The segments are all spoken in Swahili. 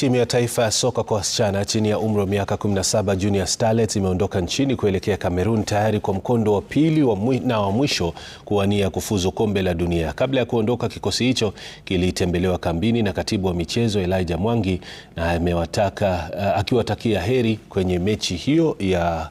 Timu ya taifa ya soka kwa wasichana chini ya umri wa miaka 17 Junior Starlets imeondoka nchini kuelekea Cameroon tayari kwa mkondo wa pili wa na wa mwisho kuwania kufuzu kombe la dunia. Kabla ya kuondoka, kikosi hicho kilitembelewa kambini na katibu wa michezo Elijah Mwangi na amewataka eh, akiwatakia heri kwenye mechi hiyo ya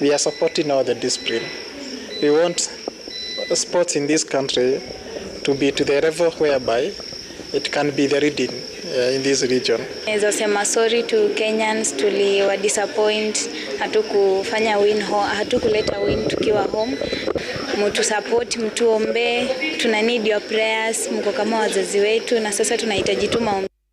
we are supporting all the discipline. We want sports in this country to be to the level whereby it can be the reading uh, in this region. Naweza sema sorry to Kenyans, tuliwa disappoint, hatukufanya win, hatukuleta win tukiwa home. Mtu support, mtuombe, tuna need your prayers, mko kama wazazi wetu na sasa tunahitaji tu maombi.